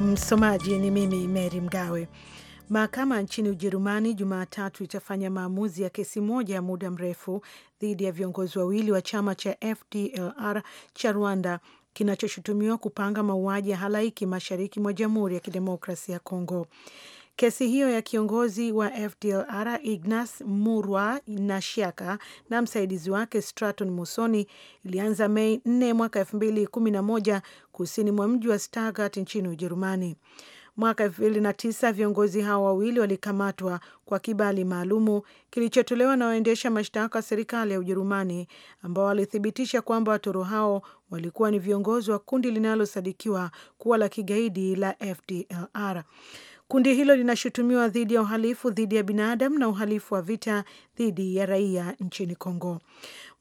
Msomaji ni mimi Mary Mgawe. Mahakama nchini Ujerumani Jumatatu itafanya maamuzi ya kesi moja ya muda mrefu dhidi ya viongozi wawili wa chama cha FDLR cha Rwanda kinachoshutumiwa kupanga mauaji ya halaiki mashariki mwa Jamhuri ya Kidemokrasia ya Kongo. Kesi hiyo ya kiongozi wa FDLR Ignas Murwa Nashiaka na msaidizi wake Straton Musoni ilianza Mei 4 mwaka 2011 kusini mwa mji wa Stuttgart nchini Ujerumani. Mwaka 2009 viongozi hao wawili walikamatwa kwa kibali maalumu kilichotolewa na waendesha mashtaka wa serikali ya Ujerumani ambao walithibitisha kwamba watoro hao walikuwa ni viongozi wa kundi linalosadikiwa kuwa la kigaidi la FDLR. Kundi hilo linashutumiwa dhidi ya uhalifu dhidi ya binadamu na uhalifu wa vita dhidi ya raia nchini Kongo.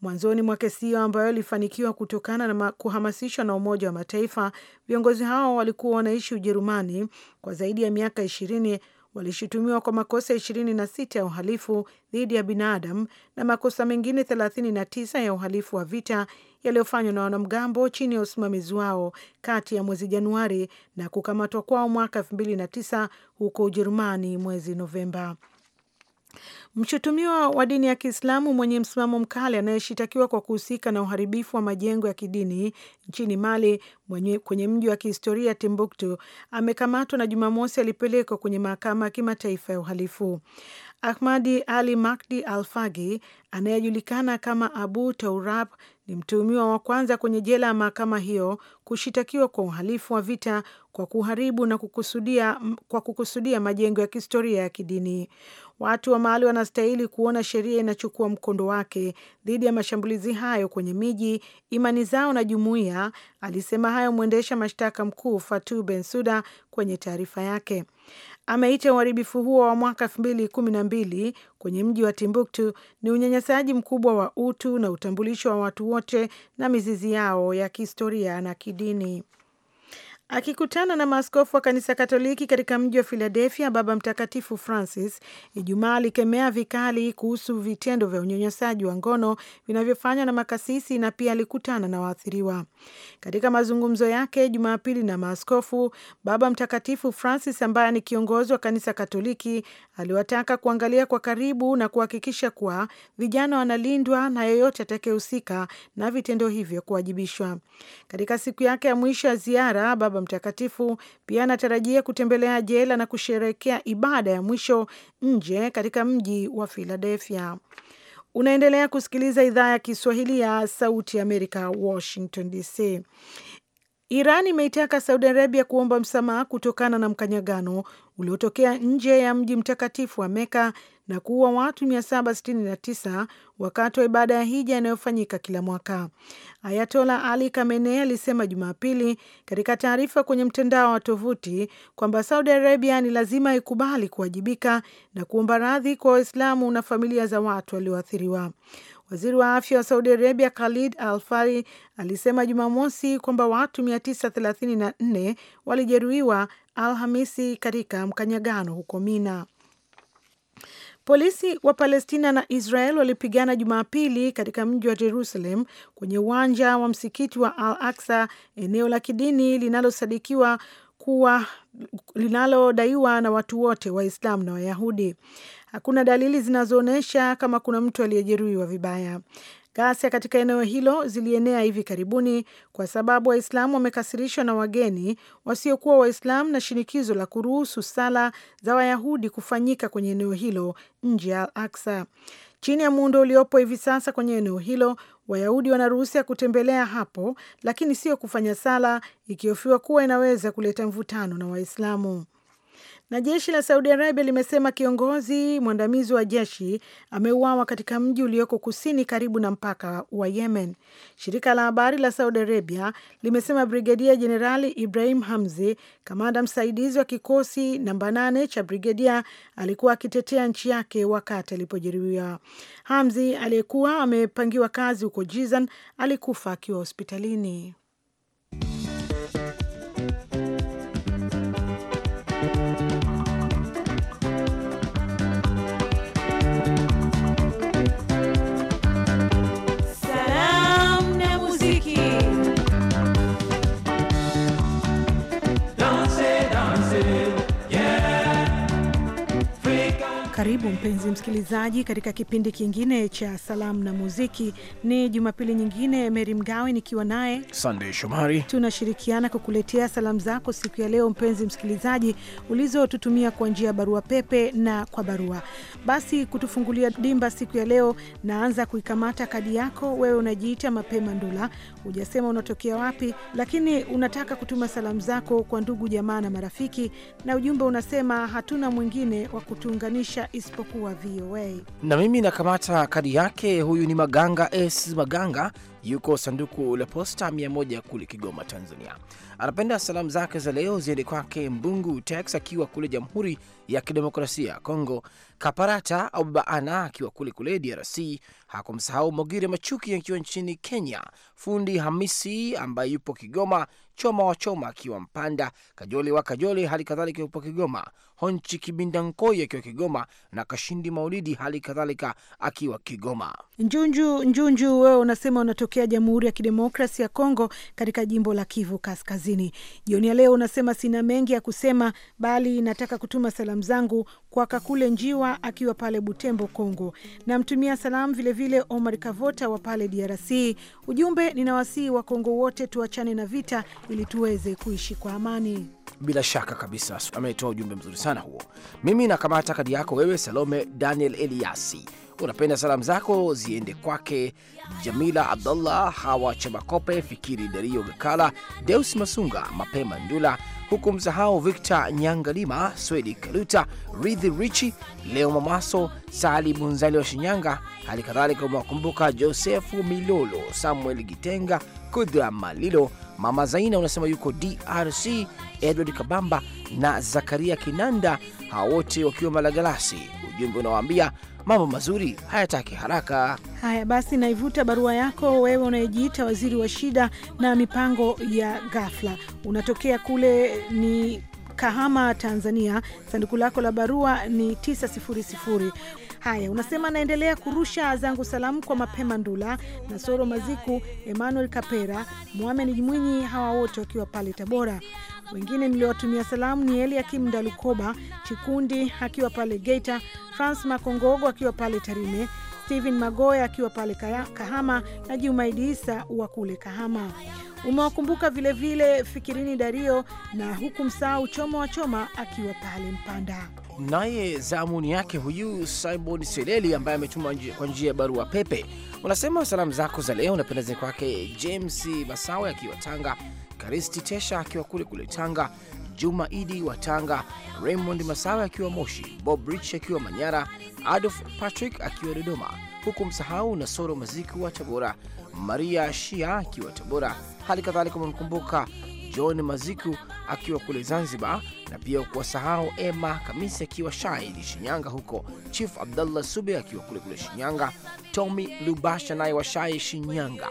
Mwanzoni mwa kesi hiyo ambayo ilifanikiwa kutokana na kuhamasishwa na Umoja wa Mataifa, viongozi hao walikuwa wanaishi Ujerumani kwa zaidi ya miaka ishirini. Walishutumiwa kwa makosa ishirini na sita ya uhalifu dhidi ya binadamu na makosa mengine thelathini na tisa ya uhalifu wa vita yaliyofanywa na wanamgambo chini ya usimamizi wao kati ya mwezi Januari na kukamatwa kwao mwaka elfu mbili na tisa huko Ujerumani mwezi Novemba. Mshutumiwa wa dini ya Kiislamu mwenye msimamo mkali anayeshitakiwa kwa kuhusika na uharibifu wa majengo ya kidini nchini Mali mwenye, kwenye mji wa kihistoria Timbuktu amekamatwa na Jumamosi alipelekwa kwenye mahakama ya kimataifa ya uhalifu. Ahmadi Ali Makdi Al Fagi anayejulikana kama Abu Taurab ni mtuhumiwa wa kwanza kwenye jela ya mahakama hiyo kushitakiwa kwa uhalifu wa vita kwa kuharibu na kukusudia, kwa kukusudia majengo ya kihistoria ya kidini. Watu wa mahali wanastahili kuona sheria inachukua mkondo wake dhidi ya mashambulizi hayo kwenye miji, imani zao na jumuiya. Alisema hayo mwendesha mashtaka mkuu Fatu Bensuda kwenye taarifa yake ameita uharibifu huo wa mwaka elfu mbili kumi na mbili kwenye mji wa Timbuktu ni unyanyasaji mkubwa wa utu na utambulisho wa watu wote na mizizi yao ya kihistoria na kidini. Akikutana na maaskofu wa kanisa Katoliki katika mji wa Filadelfia, Baba Mtakatifu Francis Ijumaa alikemea vikali kuhusu vitendo vya unyanyasaji wa ngono vinavyofanywa na makasisi na pia alikutana na waathiriwa. Katika mazungumzo yake Jumapili na maaskofu, Baba Mtakatifu Francis ambaye ni kiongozi wa kanisa Katoliki aliwataka kuangalia kwa karibu na kuhakikisha kuwa vijana wanalindwa na yeyote atakayehusika na vitendo hivyo kuwajibishwa. Katika siku yake ya mwisho ya ziara Baba Baba Mtakatifu pia anatarajia kutembelea jela na kusherekea ibada ya mwisho nje katika mji wa Philadelphia. Unaendelea kusikiliza idhaa ya Kiswahili ya Sauti ya Amerika, Washington DC. Iran imeitaka Saudi Arabia kuomba msamaha kutokana na mkanyagano uliotokea nje ya mji mtakatifu wa Meka na kuua watu 769 wakati wa ibada ya hija inayofanyika kila mwaka. Ayatola Ali Khamenei alisema Jumapili katika taarifa kwenye mtandao wa tovuti kwamba Saudi Arabia ni lazima ikubali kuwajibika na kuomba radhi kwa Waislamu na familia za watu walioathiriwa. Waziri wa afya wa Saudi Arabia Khalid Al-Fari alisema Jumamosi kwamba watu 934 walijeruhiwa Alhamisi katika mkanyagano huko Mina. Polisi wa Palestina na Israel walipigana Jumapili katika mji wa Jerusalem kwenye uwanja wa msikiti wa Al Aksa, eneo la kidini linalosadikiwa kuwa linalodaiwa na watu wote Waislamu na Wayahudi. Hakuna dalili zinazoonyesha kama kuna mtu aliyejeruhiwa vibaya. Ghasia katika eneo hilo zilienea hivi karibuni kwa sababu Waislamu wamekasirishwa na wageni wasiokuwa Waislamu na shinikizo la kuruhusu sala za Wayahudi kufanyika kwenye eneo hilo nje ya al aksa Chini ya muundo uliopo hivi sasa kwenye eneo hilo, Wayahudi wana ya kutembelea hapo, lakini sio kufanya sala, ikihofiwa kuwa inaweza kuleta mvutano na Waislamu. Na jeshi la Saudi Arabia limesema kiongozi mwandamizi wa jeshi ameuawa katika mji ulioko kusini karibu na mpaka wa Yemen. Shirika la habari la Saudi Arabia limesema Brigedia Jenerali Ibrahim Hamzi, kamanda msaidizi wa kikosi namba nane cha brigedia, alikuwa akitetea nchi yake wakati alipojeruhiwa. Hamzi aliyekuwa amepangiwa kazi huko Jizan alikufa akiwa hospitalini. Karibu mpenzi msikilizaji, katika kipindi kingine cha salamu na muziki. Ni jumapili nyingine, Meri Mgawe nikiwa naye Sandey Shomari, tunashirikiana kukuletea salamu zako siku ya leo, mpenzi msikilizaji, ulizotutumia kwa njia ya barua pepe na kwa barua. Basi kutufungulia dimba siku ya leo, naanza kuikamata kadi yako. Wewe unajiita Mapema Ndula, hujasema unatokea wapi, lakini unataka kutuma salamu zako kwa ndugu, jamaa na marafiki, na ujumbe unasema hatuna mwingine wa kutuunganisha isipokuwa VOA. Na mimi nakamata kadi yake. Huyu ni Maganga S Maganga, yuko sanduku la posta 100 kule Kigoma, Tanzania. Anapenda salamu zake za leo ziende kwake Mbungu Tex akiwa kule Jamhuri ya Kidemokrasia ya Kongo, Kaparata au Baba Ana akiwa kule kule DRC. Hakumsahau Mogire Machuki akiwa nchini Kenya, fundi Hamisi ambaye yupo Kigoma, Choma wa Choma akiwa Mpanda, Kajole wa Kajole hali kadhalika yupo Kigoma, Honchi Kibinda Nkoi akiwa Kigoma na Kashindi Maulidi hali kadhalika akiwa Kigoma. Njunju Njunju, wewe unasema unatokea Jamhuri ya Kidemokrasi ya Kongo katika jimbo la Kivu Kaskazini. Jioni ya leo unasema sina mengi ya kusema, bali nataka kutuma salamu zangu kwa Kakule Njiwa akiwa pale Butembo, Kongo. Namtumia salamu vilevile Omar Kavota wa pale DRC. Ujumbe, ninawasihi Wakongo wote tuachane na vita ili tuweze kuishi kwa amani. Bila shaka kabisa, ametoa ujumbe mzuri sana huo. Mimi nakamata kadi yako wewe, Salome Daniel Eliasi unapenda salamu zako ziende kwake Jamila Abdullah, Hawa Chamakope, Fikiri Dario, Gakala Deus Masunga, Mapema Ndula, huku msahau Victor Nyangalima, Swedi Kaluta, Ridhi Richi, Leo Mamaso, Sali Bunzali wa Shinyanga. Hali kadhalika umewakumbuka Josefu Milolo, Samuel Gitenga, Kudra Malilo, Mama Zaina unasema yuko DRC, Edward Kabamba na Zakaria Kinanda, hawa wote wakiwa Malagalasi. Ujumbe unawaambia mambo mazuri hayataki haraka. Haya basi, naivuta barua yako wewe unayejiita waziri wa shida na mipango ya ghafla, unatokea kule ni Kahama, Tanzania. Sanduku lako la barua ni 900 Haya, unasema naendelea kurusha zangu salamu kwa Mapema Ndula, na soro Maziku, Emmanuel Kapera, Mohamed Mwinyi, hawa wote wakiwa pale Tabora. Wengine niliowatumia salamu ni Eliakim Ndalukoba Chikundi akiwa pale Geita, Frans Makongogo akiwa pale Tarime, stehen Magoya akiwa pale Kahama na Jumaidi Isa wa kule Kahama. Umewakumbuka vilevile Fikirini Dario na huku msahau Choma wa Choma akiwa pale Mpanda. Naye zamuni yake huyu Simon Seleli ambaye ametuma kwa njia ya barua pepe, unasema salamu zako za leo unapendeza kwake James Masawe akiwa Tanga, Karisti Tesha akiwa kule kule Tanga, Juma Idi wa Tanga, Raymond Masawe akiwa Moshi, Bob Rich akiwa Manyara, Adolf Patrick akiwa Dodoma, huku msahau na Soro Maziku wa Tabora, Maria Shia akiwa Tabora hali kadhalika umemkumbuka John Maziku akiwa kule Zanzibar, na pia kuwasahau Emma Kamisi akiwa Shaidi Shinyanga huko, Chief abdullah Sube akiwa kule kule Shinyanga, Tommy Lubasha naye wa Shai Shinyanga,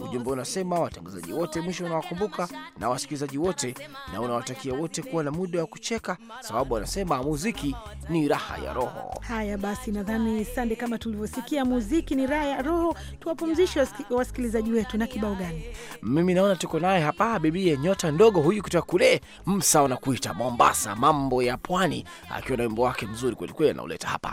Ujumbe unasema watangazaji wote mwisho unawakumbuka na wasikilizaji wote, na unawatakia wote kuwa na muda wa kucheka, sababu wanasema muziki ni raha ya roho. Haya basi, nadhani Sande, kama tulivyosikia, muziki ni raha ya roho. Tuwapumzishe wasikilizaji wetu na kibao gani? Mimi naona tuko naye hapa, bibi nyota ndogo huyu kutoka kule Msa wanakuita Mombasa, mambo ya pwani, akiwa na wimbo wake mzuri kwelikweli anauleta hapa.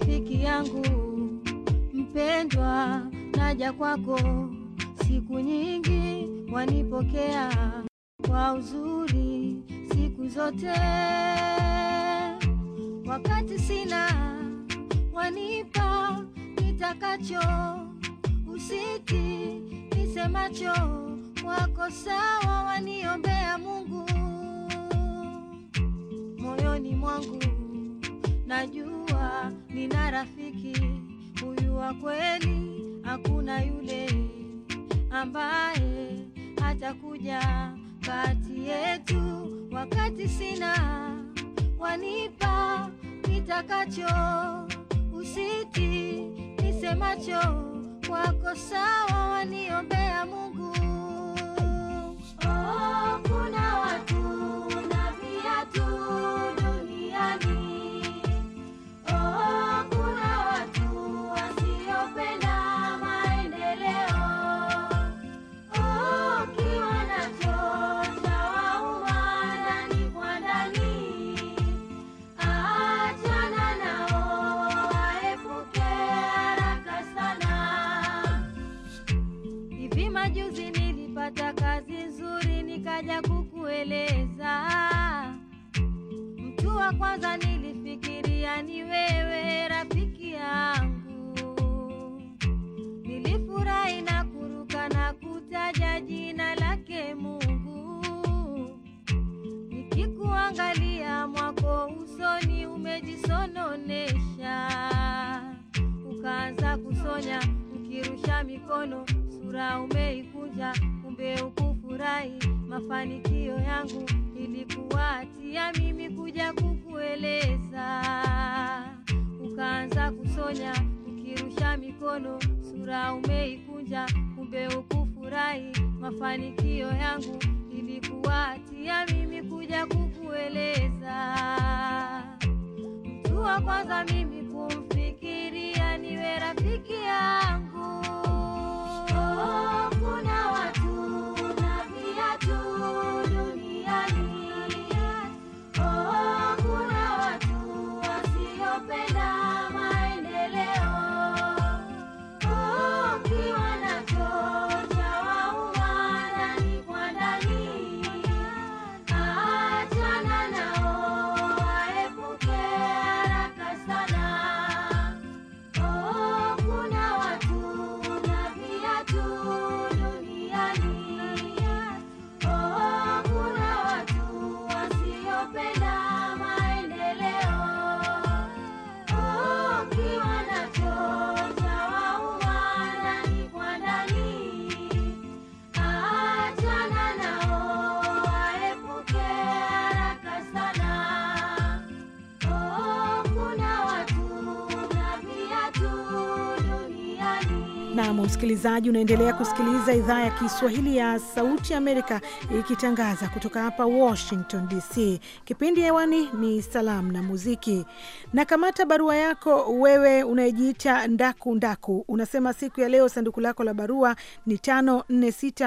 rafiki yangu mpendwa, naja kwako siku nyingi, wanipokea kwa uzuri siku zote, wakati sina wanipa nitakacho, usiki nisemacho wako sawa, waniombea Mungu moyoni mwangu najua nina rafiki huyu wa kweli, hakuna yule ambaye atakuja kati yetu wakati sina wanipa nitakacho usiti nisemacho kwako sawa, waniombea Mungu. Oh, kuna watu umeonya, ukirusha mikono sura umeikunja, kumbe ukufurahi mafanikio yangu, ilikuwa tia mimi kuja kukueleza. Mtu wa kwanza mimi kumfikiria niwe rafiki yangu Naam, msikilizaji, unaendelea kusikiliza idhaa ya Kiswahili ya Sauti Amerika ikitangaza kutoka hapa Washington DC. Kipindi hewani ni Salamu na Muziki. Na kamata barua yako wewe unayejiita Ndaku Ndaku, unasema siku ya leo sanduku lako la barua ni tano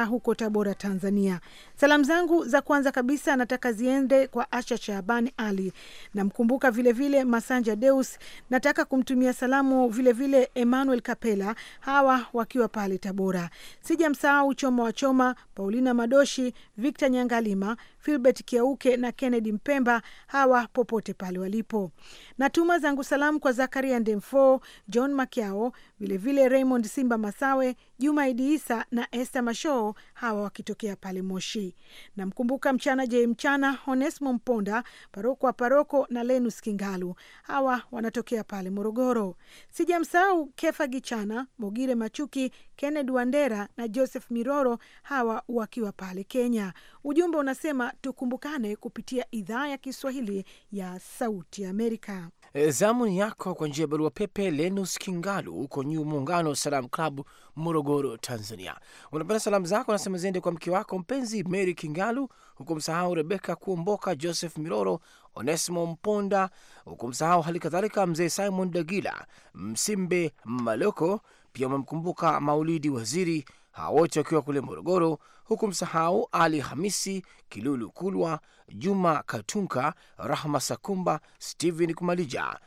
huko Tabora, Tanzania. Salamu zangu za kwanza kabisa nataka ziende kwa Asha Shaabani Ali, namkumbuka vilevile Masanja Deus, nataka kumtumia salamu vilevile vile Emmanuel Kapela, hawa wakiwa pale Tabora. Sijamsahau Choma wa Choma, Paulina Madoshi, Victor Nyangalima, Filbert Kiauke na Kennedy Mpemba hawa popote pale walipo. Natuma zangu salamu kwa Zakaria Ndemfo, John Makiao, vilevile Raymond Simba Masawe, Juma Idi Isa na Esther Mashoo, hawa wakitokea pale Moshi. Namkumbuka mchana je mchana Honesmo Mponda, paroko wa paroko na Lenus Kingalu, hawa wanatokea pale Morogoro. Sijamsahau Kefa Gichana, Mogire Machuki, Kennedy Wandera na Joseph Miroro, hawa wakiwa pale Kenya. Ujumbe unasema tukumbukane kupitia idhaa ya Kiswahili ya Sauti Amerika. Eh, zamu yako kwa njia ya barua pepe, Lenus Kingalu huko Nyuu Muungano Salam Club, Morogoro, Tanzania. Unapenda salamu zako nasema ziende kwa mke wako mpenzi Mary Kingalu, huku msahau Rebeka Kuomboka, Joseph Miroro, Onesimo Mponda, huku msahau hali kadhalika mzee Simon Dagila Msimbe Maloko. Pia umemkumbuka Maulidi Waziri hawa wote wakiwa kule Morogoro, huku msahau Ali Hamisi Kilulu Kulwa, Juma Katunka, Rahma Sakumba, Steven Kumalija,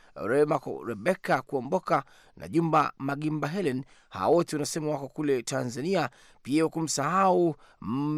Rebeka Kuomboka na Jumba Magimba Helen. Hawa wote wanasema wako kule Tanzania pia, hukumsahau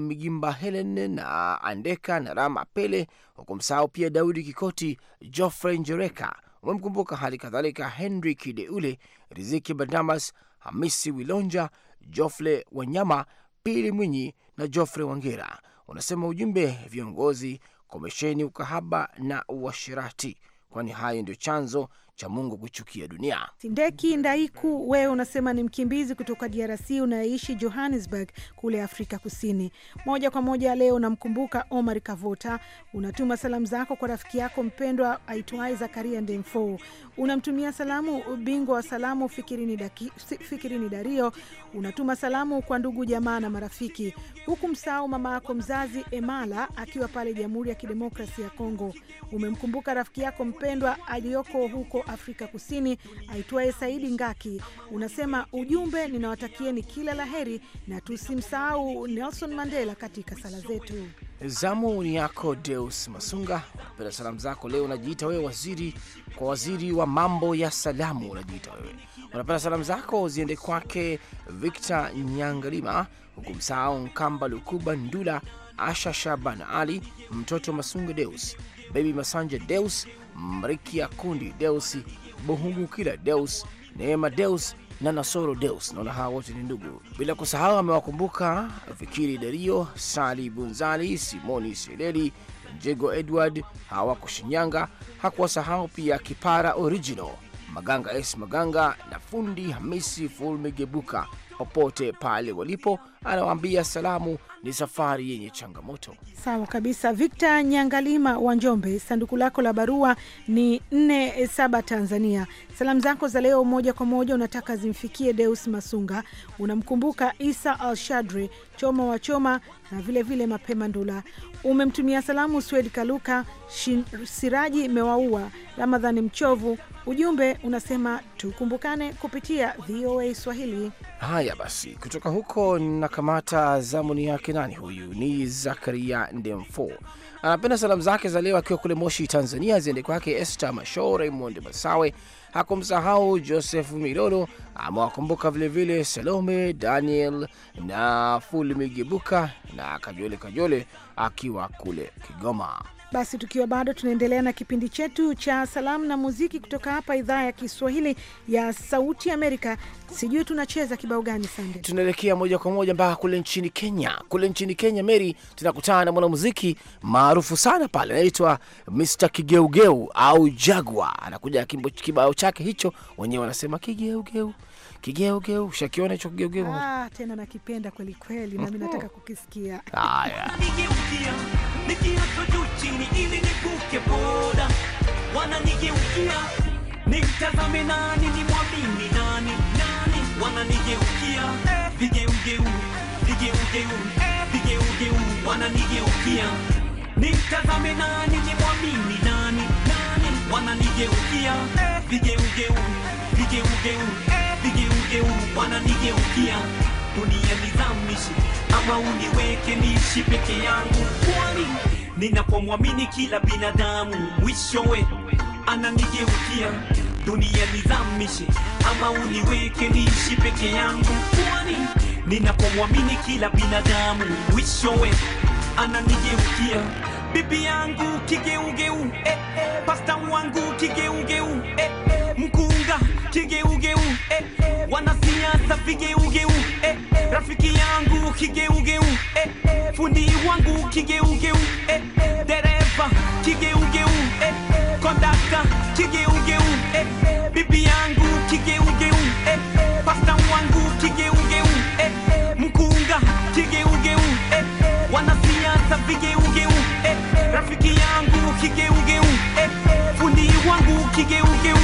Migimba Helen na Andeka na Rama Pele, hukumsahau pia Daudi Kikoti, Joffrey Njereka umemkumbuka, hali kadhalika Henry Kideule, Riziki Bandamas, Hamisi Wilonja jofre Wanyama, Pili Mwinyi na Jofre Wangera. Unasema ujumbe, viongozi, komesheni ukahaba na uashirati, kwani hayo ndio chanzo cha Mungu kuichukia dunia. Sindeki Ndaiku, wewe unasema ni mkimbizi kutoka DRC unayeishi Johannesburg kule Afrika Kusini. Moja kwa moja leo unamkumbuka Omar Kavota, unatuma salamu zako kwa rafiki yako mpendwa aitwaye Zakaria Ndemfo, unamtumia salamu bingwa wa salamu Fikirini, Daki, Fikirini Dario, unatuma salamu kwa ndugu jamaa na marafiki, huku msahau mama yako mzazi Emala akiwa pale Jamhuri ya Kidemokrasi ya Kongo. Umemkumbuka rafiki yako mpendwa aliyoko huko Afrika Kusini aitwaye Saidi Ngaki. Unasema ujumbe, ninawatakieni kila laheri na tusimsahau Nelson Mandela katika sala zetu. Zamu ni yako Deus Masunga, unapenda salamu zako leo. Unajiita wewe waziri kwa waziri wa mambo ya salamu, unajiita wewe. Unapenda salamu zako ziende kwake Victor Nyangalima, hukumsahau Nkamba Lukuba Ndula, Asha Shaban Ali, mtoto Masunga Deus, Baby Masanja Deus Mrikia Kundi Deus, kila Deus, Neema Deus na Nasoro Deus. Naona hawa wote ni ndugu, bila kusahau amewakumbuka Fikiri Dario, Sali Bunzali, Simoni Seleli, jego Edward, hawako Shinyanga. Hakuwasahau pia Kipara Original, Maganga S Maganga na Fundi Hamisi Fulmigebuka, popote pale walipo, anawaambia salamu ni safari yenye changamoto. Sawa kabisa. Victor Nyangalima wa Njombe, sanduku lako la barua ni 47 Tanzania. Salamu zako za leo moja kwa moja unataka zimfikie Deus Masunga, unamkumbuka Isa alshadre Choma wa Choma na vilevile vile Mapema Ndula. Umemtumia salamu Swed Kaluka Shin, Siraji Mewaua, Ramadhani Mchovu. Ujumbe unasema tukumbukane kupitia VOA Swahili. Haya basi, kutoka huko nakamata zamuni yake nani huyu? Ni Zakaria Ndemfo, anapenda salamu zake za leo akiwa kule Moshi, Tanzania, ziende kwake Esther Masho, Raymond Masawe, hakumsahau Joseph Milolo, amewakumbuka vilevile Salome Daniel na Fulmigibuka na Kajole Kajole akiwa kule Kigoma. Basi tukiwa bado tunaendelea na kipindi chetu cha salamu na muziki kutoka hapa idhaa ya Kiswahili ya Sauti Amerika, sijui tunacheza kibao gani? Sande, tunaelekea moja kwa moja mpaka kule nchini Kenya. Kule nchini Kenya, Mary, tunakutana na mwanamuziki maarufu sana pale, anaitwa Mr Kigeugeu au Jagwa. Anakuja kibao chake hicho, wenyewe wanasema kigeugeu Kigeugeu, shakiona hicho kigeugeu? Ah, tena nakipenda kwelikweli nami nataka kukisikia. Haya nikiweko chini ili nivuke boda, wananigeukia nimtazame nani, nimwamini nani? Nani wananigeukia vigeugeu vigeugeu vigeugeu wananigeukia nimtazame nani, nimwamini nani? Nani wananigeukia vigeugeu vigeugeu vigeugeu wananigeukia dunia nizamishe kama uniweke niishi peke yangu, kwani ninapomwamini kila binadamu mwishowe ananigeukia. Dunia nizamishe ama uniweke niishi peke yangu, kwani ninapomwamini kila binadamu mwishowe ananigeukia. Bibi yangu kigeugeu, eh, eh, pasta wangu kigeugeu, eh, eh, mkunga kigeugeu eh, wanasiasa vigeugeu eh, rafiki yangu kigeugeu eh, fundi wangu kigeugeu eh, dereva kigeugeu eh, kondakta kigeugeu eh, bibi yangu kigeugeu eh, pasta wangu kigeugeu eh, mkunga kigeugeu eh, wanasiasa vigeugeu eh, rafiki yangu kigeugeu eh, fundi wangu kigeugeu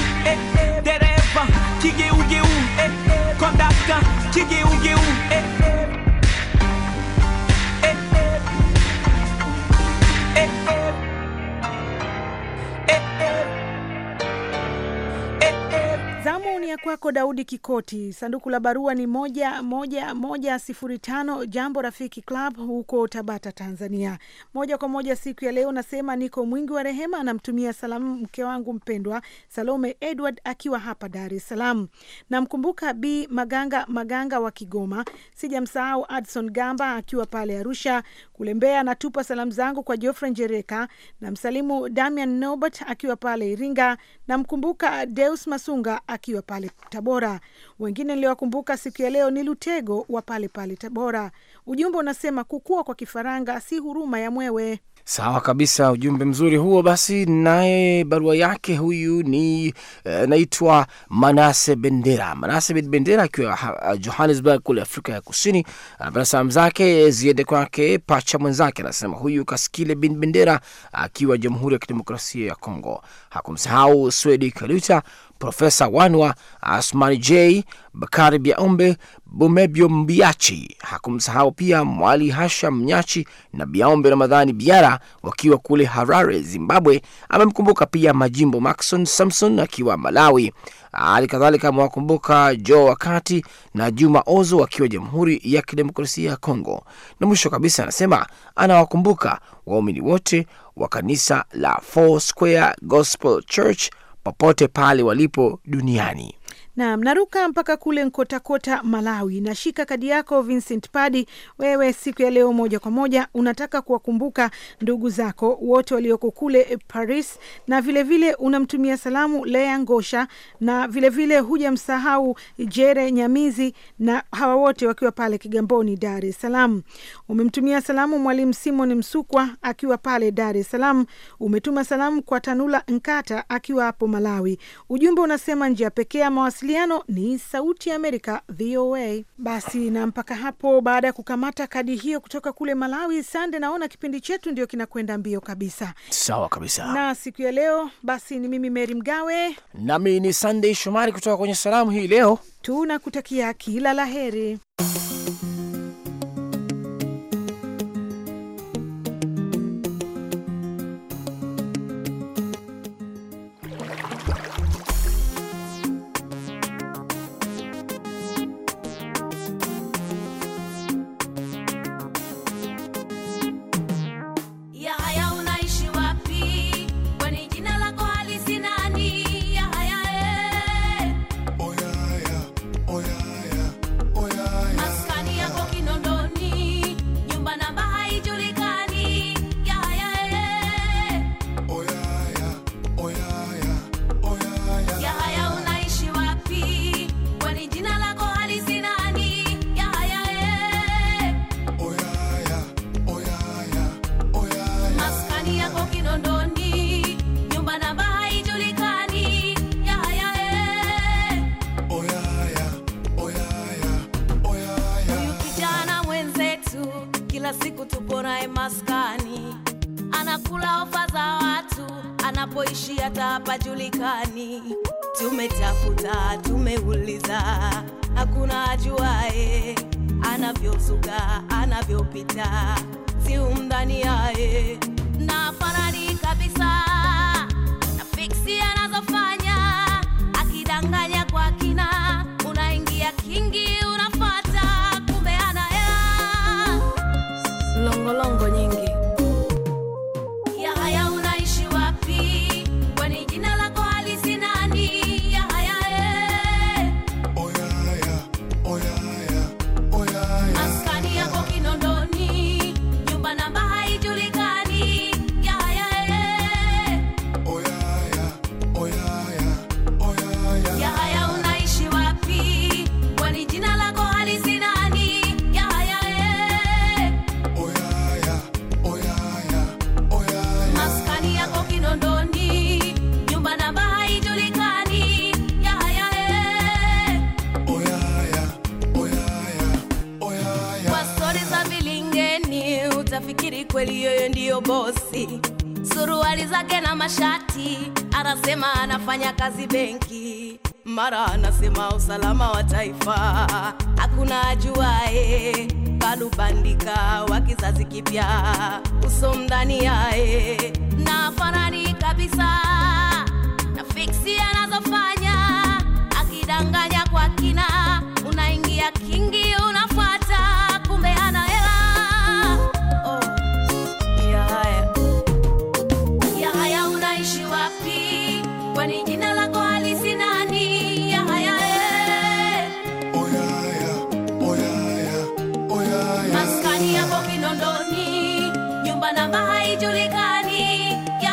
wako Daudi Kikoti. Sanduku la barua ni moja moja moja sifuri tano Jambo Rafiki Club huko Tabata, Tanzania. Moja kwa moja siku ya leo nasema niko mwingi wa rehema, anamtumia salamu mke wangu mpendwa Salome Edward akiwa hapa Dar es Salaam. Namkumbuka B Maganga Maganga wa Kigoma, sijamsahau Adson Gamba akiwa pale Arusha kule Mbeya. Natupa salamu zangu kwa jofre Njereka na msalimu Damian Nobert akiwa pale Iringa. Namkumbuka Deus Masunga akiwa pale Tabora. Wengine niliowakumbuka siku ya leo ni Lutego wa pale pale Tabora. Ujumbe unasema kukua kwa kifaranga si huruma ya mwewe. Sawa kabisa, ujumbe mzuri huo. Basi naye barua yake huyu ni e, naitwa Manase Bendera. Manase Bendera akiwa Johannesburg kule Afrika ya Kusini, Anapenda salamu zake ziende kwake pacha mwenzake, anasema huyu Kaskile bin Bendera akiwa Jamhuri ya Kidemokrasia ya Kongo. Hakumsahau Swedi Kaluta Profesa Wanwa Asmani J Bakari Biaombe Bumebyo Mbiachi. Hakumsahau pia Mwali hasha mnyachi na Biaombe Ramadhani Biara wakiwa kule Harare, Zimbabwe. Amemkumbuka pia Majimbo Maxon Samson akiwa Malawi. Hali kadhalika amewakumbuka Jo Wakati na Juma Ozo wakiwa Jamhuri ya Kidemokrasia ya Kongo, na mwisho kabisa anasema anawakumbuka waumini wote wa kanisa la Four Square Gospel Church popote pale walipo duniani. Nam, naruka mpaka kule Nkotakota, Malawi. Nashika kadi yako Vincent Padi. Wewe siku ya leo moja kwa moja unataka kuwakumbuka ndugu zako wote walioko kule Paris, na vilevile vile unamtumia salamu Lea Ngosha, na vilevile huja msahau Jere Nyamizi, na hawa wote wakiwa pale Kigamboni, Dar es Salaam. Umemtumia salamu Mwalimu Simon Msukwa akiwa pale Dar es Salaam. Umetuma salamu kwa Tanula Nkata akiwa hapo Malawi. Ujumbe unasema njia pekee ya mawasiliano ni Sauti ya Amerika, VOA. Basi na mpaka hapo, baada ya kukamata kadi hiyo kutoka kule Malawi, Sande, naona kipindi chetu ndio kinakwenda mbio kabisa. Sawa kabisa, na siku ya leo basi ni mimi Meri Mgawe nami ni Sandey Shomari kutoka kwenye salamu hii leo, tunakutakia kila la heri. Tumetafuta, tumeuliza, hakuna ajuae anavyozuka, anavyopita, si yae na faradi kabisa na fiksi anazofanya kweli yeye ndiyo bosi, suruali zake na mashati, anasema anafanya kazi benki, mara anasema usalama wa taifa, hakuna ajuae. Balubandika wa kizazi kipya, uso mdani yae na farani kabisa na fiksi anazofanya akidanganya Yeah.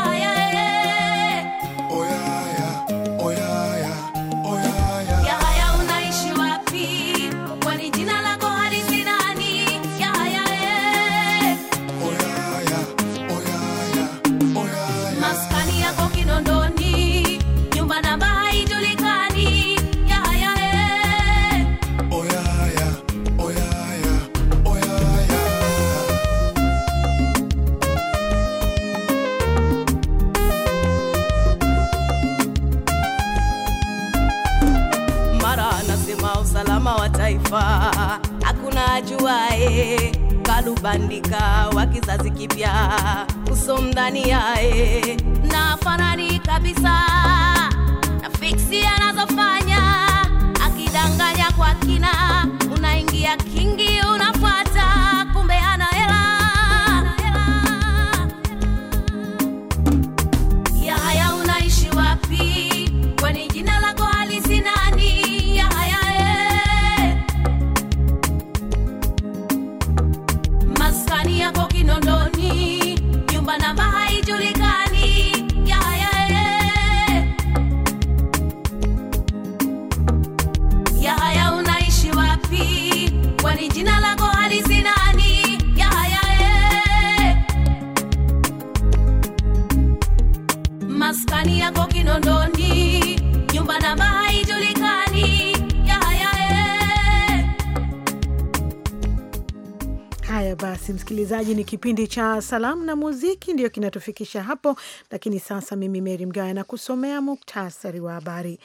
ni kipindi cha salamu na muziki ndiyo kinatufikisha hapo, lakini sasa mimi Meri Mgawe na kusomea muktasari wa habari.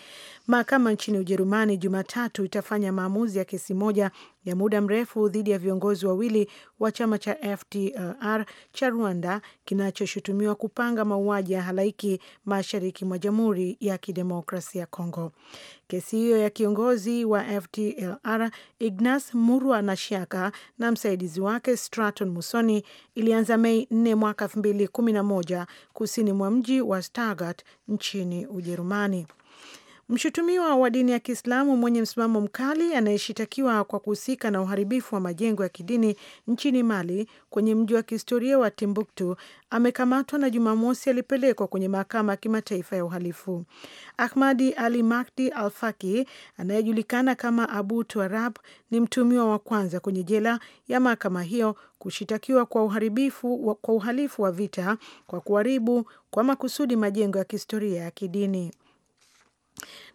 Mahakama nchini Ujerumani Jumatatu itafanya maamuzi ya kesi moja ya muda mrefu dhidi ya viongozi wawili wa chama cha FDLR cha Rwanda kinachoshutumiwa kupanga mauaji ya halaiki mashariki mwa Jamhuri ya Kidemokrasia ya Kongo. Kesi hiyo ya kiongozi wa FDLR Ignas Murwa na Shiaka na msaidizi wake Straton Musoni ilianza Mei 4 mwaka 2011 kusini mwa mji wa Stuttgart nchini Ujerumani. Mshutumiwa wa dini ya Kiislamu mwenye msimamo mkali anayeshitakiwa kwa kuhusika na uharibifu wa majengo ya kidini nchini Mali kwenye mji wa kihistoria wa Timbuktu amekamatwa na Jumamosi alipelekwa kwenye mahakama ya kimataifa ya uhalifu. Ahmadi Ali makdi Al Faki anayejulikana kama Abu Tuarab ni mtumiwa wa kwanza kwenye jela ya mahakama hiyo kushitakiwa kwa uharibifu, kwa uhalifu wa vita kwa kuharibu kwa makusudi majengo ya kihistoria ya kidini.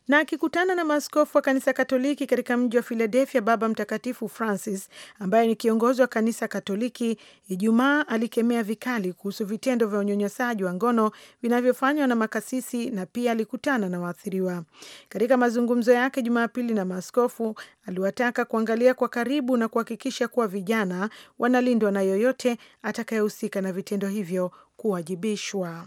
Na akikutana na maaskofu wa kanisa Katoliki katika mji wa Filadelfia, Baba Mtakatifu Francis ambaye ni kiongozi wa kanisa Katoliki Ijumaa alikemea vikali kuhusu vitendo vya unyanyasaji wa ngono vinavyofanywa na makasisi na pia alikutana na waathiriwa. Katika mazungumzo yake Jumapili na maaskofu, aliwataka kuangalia kwa karibu na kuhakikisha kuwa vijana wanalindwa na yoyote atakayehusika na vitendo hivyo kuwajibishwa.